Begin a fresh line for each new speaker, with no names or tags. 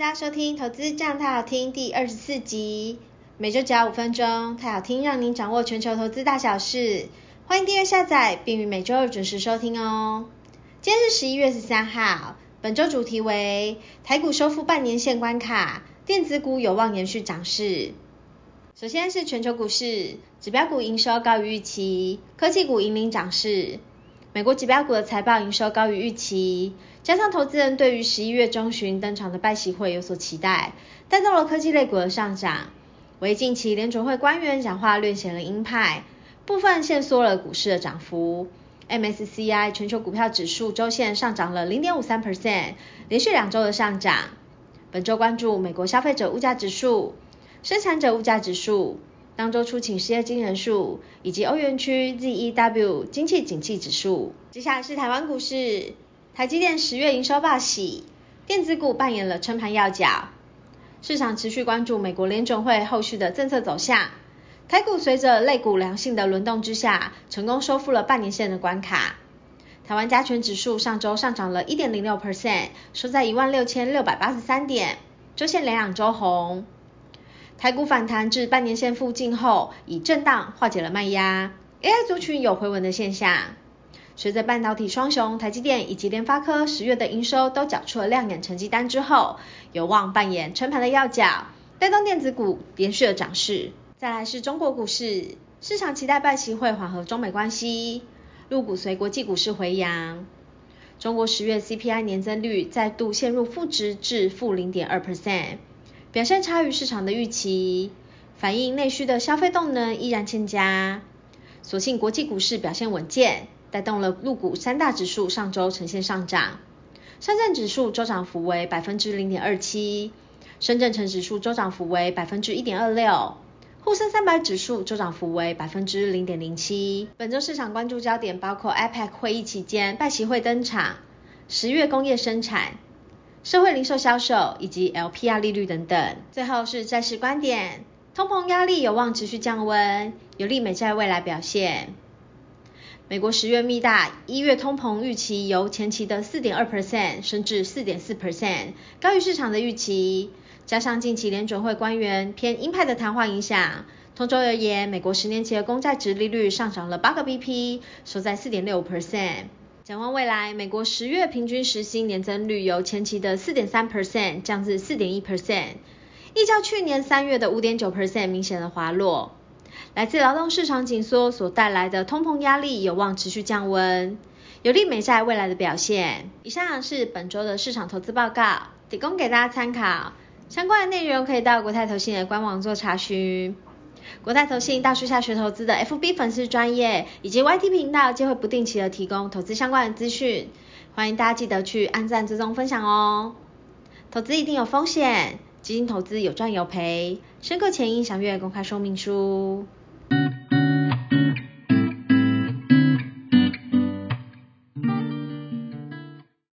大家收聽《投資這樣泰好聽》第二十四集，每週只要五分鐘，太好聽，讓您掌握全球投資大小事。歡迎訂閱下載，並於每週二準時收聽哦。今天是十一月十三號，本週主題為台股收復半年線關卡，電子股有望延續漲勢。首先是全球股市，指標股營收高於預期，科技股引領漲勢。美國指標股的財報營收高於預期，加上投資人對於十一月中旬登場的拜習會有所期待，帶動了科技類股的上漲。惟近期聯準會官員講話略顯了鷹派，部分限縮了股市的漲幅。MSCI 全球股票指數週線上漲了零點五三 percent，連續兩周的上漲。本周關注美國消費者物價指數、生產者物價指數。當週初請失業金人數以及歐元區 ZEW 經濟景氣指數。接下來是台灣股市，台積電十月營收報喜，電子股扮演了撐盤要角，市場持續關注美國聯準會後續的政策走向。台股隨着類股良性的輪動之下，成功收復了半年線的關卡。台灣加權指數上周上漲了一點零六 percent，收在一萬六千六百八十三點，周線連兩周紅。台股反彈至半年線附近後，以震盪化解了賣壓，AI 族群有回穩的現象。隨着半導體雙雄台積電以及聯發科十月的營收都繳出了亮眼成績單之後，有望扮演撐盤的要角，帶動電子股延續的漲勢。再來是中國股市，市場期待拜習會緩和中美關係，陸股隨國際股市回揚。中國十月 CPI 年增率再度陷入負值至，至負零點二 percent。表現差於市場的預期，反映內需的消費動能依然欠佳。所幸國際股市表現穩健，帶動了陸股三大指數上周呈現上漲。上證指數周漲幅為百分之零點二七，深證成指數周漲幅為百分之一點二六，滬深三百指數周漲幅為百分之零點零七。本周市場關注焦點包括 APEC 會議期間拜習會登場，十月工業生產。社會零售銷售以及 LPR 利率等等，最後是債市觀點，通膨壓力有望持續降溫，有利美債未來表現。美國十月密大一月通膨預期由前期的4.2%升至4.4%，高於市場的預期，加上近期聯準會官員偏鷹派的談話影響。同週而言，美國十年期公債殖利率上漲了8個 bps，收在4.6%。展望未來，美國十月平均時薪年增率由前期的四點三 percent 降至四點一 percent，亦較去年三月的五點九 percent 明顯的滑落。來自勞動市場緊縮所帶來的通膨壓力，有望持續降溫，有利美債未來的表現。以上是本周的市場投資報告，提供給大家參考。相關的內容可以到國泰投信的官網做查詢。國泰投信大樹下學投資的 FB 粉絲專頁以及 YT 頻道，就會不定期的提供投資相關的資訊，歡迎大家記得去按讚、追蹤、分享哦。投資一定有風險，基金投資有賺有賠，申購前應詳閱公開說明書。